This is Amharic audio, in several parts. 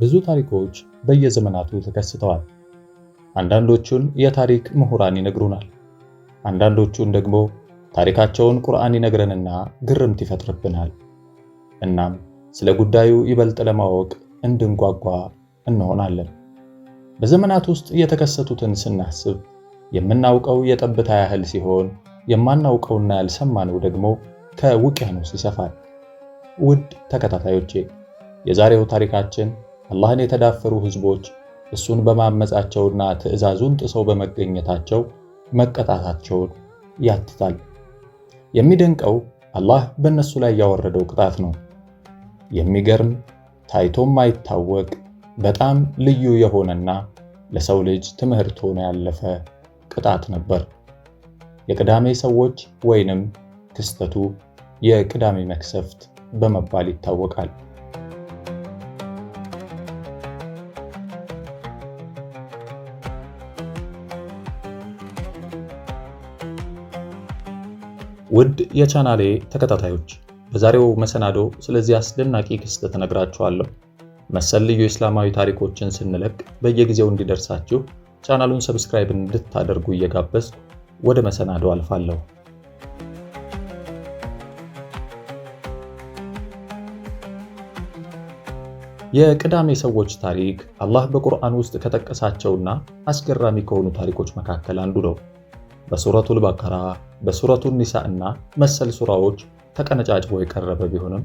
ብዙ ታሪኮች በየዘመናቱ ተከስተዋል። አንዳንዶቹን የታሪክ ምሁራን ይነግሩናል። አንዳንዶቹን ደግሞ ታሪካቸውን ቁርአን ይነግረንና ግርምት ይፈጥርብናል። እናም ስለ ጉዳዩ ይበልጥ ለማወቅ እንድንጓጓ እንሆናለን። በዘመናት ውስጥ የተከሰቱትን ስናስብ የምናውቀው የጠብታ ያህል ሲሆን የማናውቀውና ያልሰማነው ደግሞ ከውቅያኖስ ይሰፋል። ውድ ተከታታዮቼ የዛሬው ታሪካችን አላህን የተዳፈሩ ህዝቦች እሱን በማመፃቸውና ትዕዛዙን ጥሰው በመገኘታቸው መቀጣታቸውን ያትታል። የሚደንቀው አላህ በእነሱ ላይ ያወረደው ቅጣት ነው። የሚገርም ታይቶም ማይታወቅ በጣም ልዩ የሆነና ለሰው ልጅ ትምህርት ሆኖ ያለፈ ቅጣት ነበር። የቅዳሜ ሰዎች ወይንም ክስተቱ የቅዳሜ መክሰፍት በመባል ይታወቃል። ውድ የቻናሌ ተከታታዮች በዛሬው መሰናዶ ስለዚህ አስደናቂ ክስተት እነግራችኋለሁ። መሰል ልዩ እስላማዊ ታሪኮችን ስንለቅ በየጊዜው እንዲደርሳችሁ ቻናሉን ሰብስክራይብ እንድታደርጉ እየጋበዝ ወደ መሰናዶ አልፋለሁ። የቅዳሜ ሰዎች ታሪክ አላህ በቁርአን ውስጥ ከጠቀሳቸውና አስገራሚ ከሆኑ ታሪኮች መካከል አንዱ ነው። በሱረቱል በቀራ፣ በሱረቱል ኒሳ እና መሰል ሱራዎች ተቀነጫጭቦ የቀረበ ቢሆንም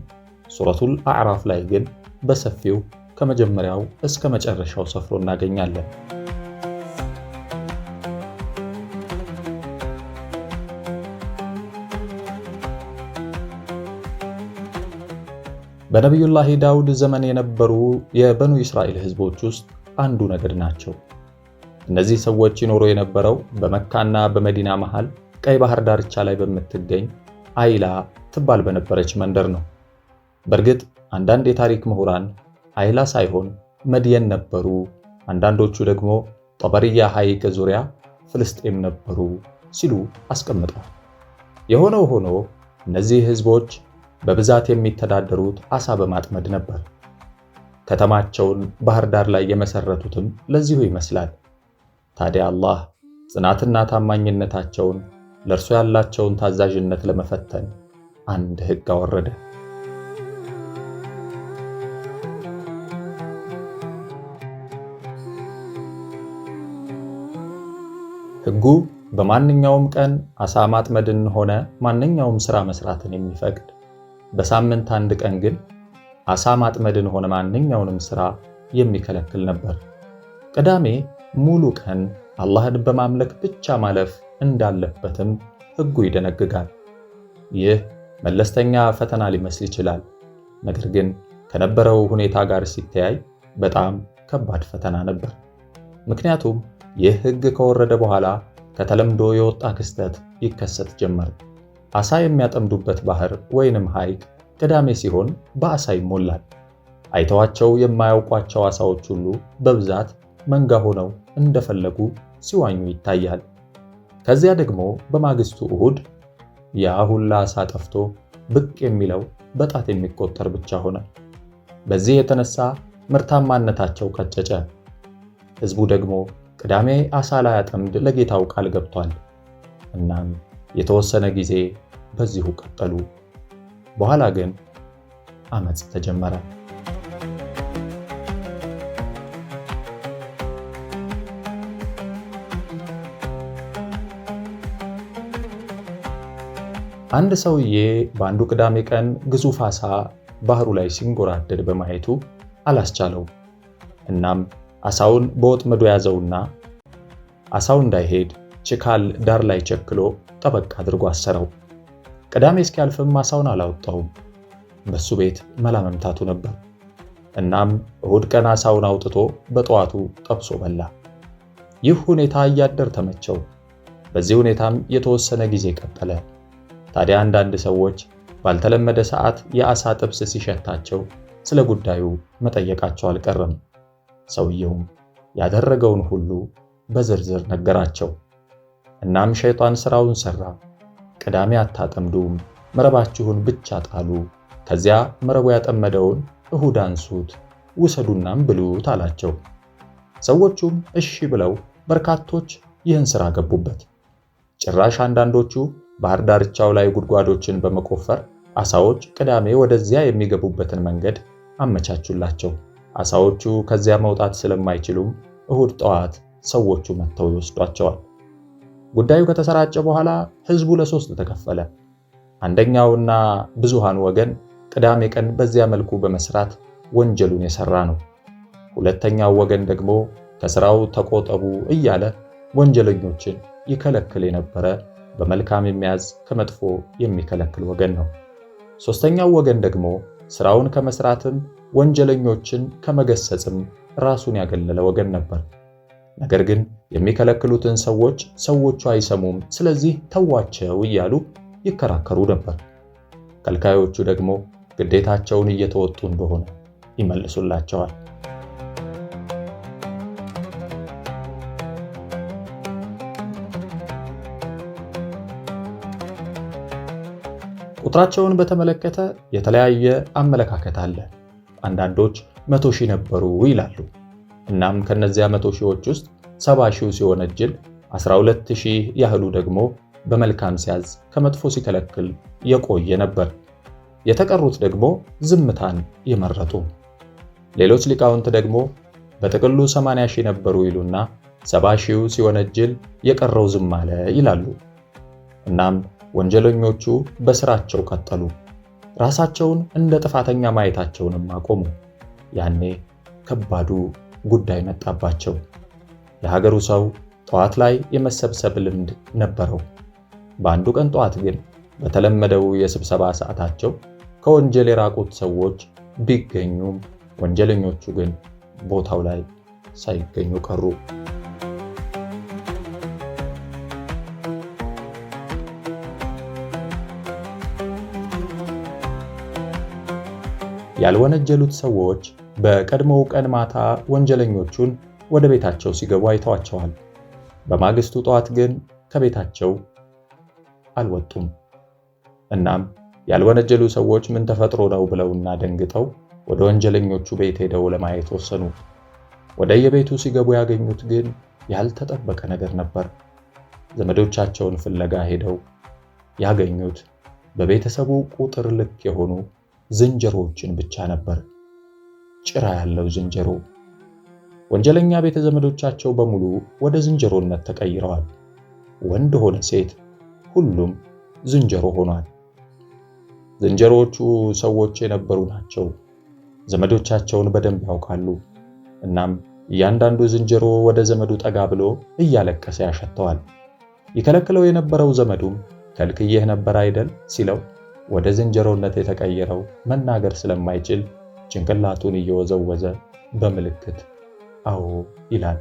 ሱረቱል አዕራፍ ላይ ግን በሰፊው ከመጀመሪያው እስከ መጨረሻው ሰፍሮ እናገኛለን። በነቢዩላሂ ዳውድ ዘመን የነበሩ የበኑ እስራኤል ህዝቦች ውስጥ አንዱ ነገድ ናቸው። እነዚህ ሰዎች ይኖሩ የነበረው በመካና በመዲና መሃል ቀይ ባህር ዳርቻ ላይ በምትገኝ አይላ ትባል በነበረች መንደር ነው። በእርግጥ አንዳንድ የታሪክ ምሁራን አይላ ሳይሆን መድየን ነበሩ፣ አንዳንዶቹ ደግሞ ጠበርያ ሐይቅ ዙሪያ ፍልስጤም ነበሩ ሲሉ አስቀምጠዋል። የሆነው ሆኖ እነዚህ ህዝቦች በብዛት የሚተዳደሩት አሳ በማጥመድ ነበር። ከተማቸውን ባህር ዳር ላይ የመሰረቱትም ለዚሁ ይመስላል። ታዲያ አላህ ጽናትና ታማኝነታቸውን ለእርሶ ያላቸውን ታዛዥነት ለመፈተን አንድ ሕግ አወረደ። ሕጉ በማንኛውም ቀን አሳ ማጥመድን ሆነ ማንኛውም ሥራ መሥራትን የሚፈቅድ በሳምንት አንድ ቀን ግን አሳ ማጥመድን ሆነ ማንኛውንም ሥራ የሚከለክል ነበር። ቅዳሜ ሙሉ ቀን አላህን በማምለክ ብቻ ማለፍ እንዳለበትም ሕጉ ይደነግጋል። ይህ መለስተኛ ፈተና ሊመስል ይችላል። ነገር ግን ከነበረው ሁኔታ ጋር ሲተያይ በጣም ከባድ ፈተና ነበር። ምክንያቱም ይህ ሕግ ከወረደ በኋላ ከተለምዶ የወጣ ክስተት ይከሰት ጀመር። ዓሣ የሚያጠምዱበት ባህር ወይንም ሐይቅ ቅዳሜ ሲሆን በዓሣ ይሞላል። አይተዋቸው የማያውቋቸው ዓሣዎች ሁሉ በብዛት መንጋ ሆነው እንደፈለጉ ሲዋኙ ይታያል። ከዚያ ደግሞ በማግስቱ እሁድ ያ ሁላ ዓሣ ጠፍቶ ብቅ የሚለው በጣት የሚቆጠር ብቻ ሆነ። በዚህ የተነሳ ምርታማነታቸው ቀጨጨ። ሕዝቡ ደግሞ ቅዳሜ ዓሣ ላይ አጠምድ ለጌታው ቃል ገብቷል። እናም የተወሰነ ጊዜ በዚሁ ቀጠሉ። በኋላ ግን አመፅ ተጀመረ። አንድ ሰውዬ በአንዱ ቅዳሜ ቀን ግዙፍ አሳ ባህሩ ላይ ሲንጎራደድ በማየቱ አላስቻለው። እናም ዓሣውን በወጥመዱ ያዘውና አሳው እንዳይሄድ ችካል ዳር ላይ ቸክሎ ጠበቅ አድርጎ አሰረው። ቅዳሜ እስኪያልፍም ማሳውን አላወጣውም። በሱ ቤት መላ መምታቱ ነበር። እናም እሁድ ቀን አሳውን አውጥቶ በጠዋቱ ጠብሶ በላ። ይህ ሁኔታ እያደር ተመቸው። በዚህ ሁኔታም የተወሰነ ጊዜ ቀጠለ። ታዲያ አንዳንድ ሰዎች ባልተለመደ ሰዓት የአሳ ጥብስ ሲሸታቸው ስለ ጉዳዩ መጠየቃቸው አልቀረም። ሰውየውም ያደረገውን ሁሉ በዝርዝር ነገራቸው። እናም ሸይጣን ስራውን ሰራ። ቅዳሜ አታጠምዱም፣ መረባችሁን ብቻ ጣሉ፣ ከዚያ መረቡ ያጠመደውን እሁድ አንሱት፣ ውሰዱናም ብሉት አላቸው። ሰዎቹም እሺ ብለው በርካቶች ይህን ሥራ ገቡበት። ጭራሽ አንዳንዶቹ ባህር ዳርቻው ላይ ጉድጓዶችን በመቆፈር አሳዎች ቅዳሜ ወደዚያ የሚገቡበትን መንገድ አመቻቹላቸው። አሳዎቹ ከዚያ መውጣት ስለማይችሉም እሁድ ጠዋት ሰዎቹ መጥተው ይወስዷቸዋል። ጉዳዩ ከተሰራጨ በኋላ ህዝቡ ለሶስት ተከፈለ። አንደኛውና ብዙሃን ወገን ቅዳሜ ቀን በዚያ መልኩ በመስራት ወንጀሉን የሰራ ነው። ሁለተኛው ወገን ደግሞ ከስራው ተቆጠቡ እያለ ወንጀለኞችን ይከለክል የነበረ በመልካም የሚያዝ ከመጥፎ የሚከለክል ወገን ነው። ሶስተኛው ወገን ደግሞ ስራውን ከመስራትም ወንጀለኞችን ከመገሰጽም ራሱን ያገለለ ወገን ነበር። ነገር ግን የሚከለክሉትን ሰዎች ሰዎቹ አይሰሙም፣ ስለዚህ ተዋቸው እያሉ ይከራከሩ ነበር። ከልካዮቹ ደግሞ ግዴታቸውን እየተወጡ እንደሆነ ይመልሱላቸዋል። ቁጥራቸውን በተመለከተ የተለያየ አመለካከት አለ። አንዳንዶች መቶ ሺህ ነበሩ ይላሉ። እናም ከነዚያ መቶ ሺዎች ውስጥ ሰባ ሺው ሲወነጅል 12 ሺህ ያህሉ ደግሞ በመልካም ሲያዝ ከመጥፎ ሲከለክል የቆየ ነበር። የተቀሩት ደግሞ ዝምታን የመረጡ። ሌሎች ሊቃውንት ደግሞ በጥቅሉ 80 ሺህ ነበሩ ይሉና ሰባ ሺው ሲወነጅል የቀረው ዝም አለ ይላሉ። እናም ወንጀለኞቹ በስራቸው ቀጠሉ። ራሳቸውን እንደ ጥፋተኛ ማየታቸውንም አቆሙ። ያኔ ከባዱ ጉዳይ መጣባቸው። የሀገሩ ሰው ጠዋት ላይ የመሰብሰብ ልምድ ነበረው። በአንዱ ቀን ጠዋት ግን በተለመደው የስብሰባ ሰዓታቸው ከወንጀል የራቁት ሰዎች ቢገኙም ወንጀለኞቹ ግን ቦታው ላይ ሳይገኙ ቀሩ። ያልወነጀሉት ሰዎች በቀድሞው ቀን ማታ ወንጀለኞቹን ወደ ቤታቸው ሲገቡ አይተዋቸዋል። በማግስቱ ጠዋት ግን ከቤታቸው አልወጡም። እናም ያልወነጀሉ ሰዎች ምን ተፈጥሮ ነው ብለውና ደንግጠው ወደ ወንጀለኞቹ ቤት ሄደው ለማየት ወሰኑ። ወደ የቤቱ ሲገቡ ያገኙት ግን ያልተጠበቀ ነገር ነበር። ዘመዶቻቸውን ፍለጋ ሄደው ያገኙት በቤተሰቡ ቁጥር ልክ የሆኑ ዝንጀሮዎችን ብቻ ነበር። ጭራ ያለው ዝንጀሮ። ወንጀለኛ ቤተ ዘመዶቻቸው በሙሉ ወደ ዝንጀሮነት ተቀይረዋል። ወንድ ሆነ ሴት፣ ሁሉም ዝንጀሮ ሆኗል። ዝንጀሮዎቹ ሰዎች የነበሩ ናቸው። ዘመዶቻቸውን በደንብ ያውቃሉ። እናም እያንዳንዱ ዝንጀሮ ወደ ዘመዱ ጠጋ ብሎ እያለቀሰ ያሸተዋል። ይከለክለው የነበረው ዘመዱም ከልክዬህ ነበር አይደል ሲለው ወደ ዝንጀሮነት የተቀየረው መናገር ስለማይችል ጭንቅላቱን እየወዘወዘ በምልክት አዎ ይላል።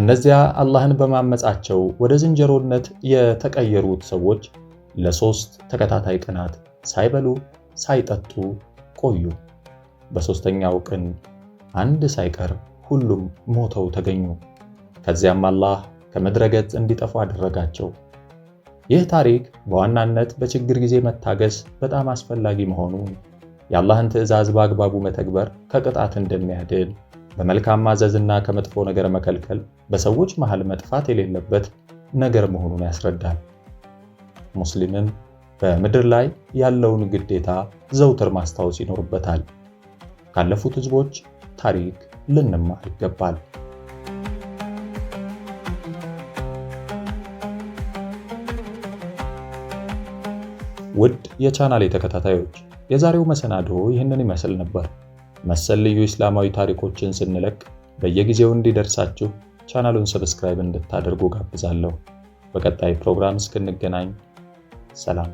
እነዚያ አላህን በማመጻቸው ወደ ዝንጀሮነት የተቀየሩት ሰዎች ለሶስት ተከታታይ ቀናት ሳይበሉ ሳይጠጡ ቆዩ። በሶስተኛው ቀን አንድ ሳይቀር ሁሉም ሞተው ተገኙ። ከዚያም አላህ ከምድረገጽ እንዲጠፉ አደረጋቸው። ይህ ታሪክ በዋናነት በችግር ጊዜ መታገስ በጣም አስፈላጊ መሆኑን፣ የአላህን ትዕዛዝ በአግባቡ መተግበር ከቅጣት እንደሚያድን፣ በመልካም ማዘዝና ከመጥፎ ነገር መከልከል በሰዎች መሃል መጥፋት የሌለበት ነገር መሆኑን ያስረዳል። ሙስሊምም በምድር ላይ ያለውን ግዴታ ዘውትር ማስታወስ ይኖርበታል። ካለፉት ህዝቦች ታሪክ ልንማር ይገባል። ውድ የቻናሌ ተከታታዮች የዛሬው መሰናዶ ይህንን ይመስል ነበር። መሰል ልዩ እስላማዊ ታሪኮችን ስንለቅ በየጊዜው እንዲደርሳችሁ ቻናሉን ሰብስክራይብ እንድታደርጉ ጋብዛለሁ። በቀጣይ ፕሮግራም እስክንገናኝ ሰላም።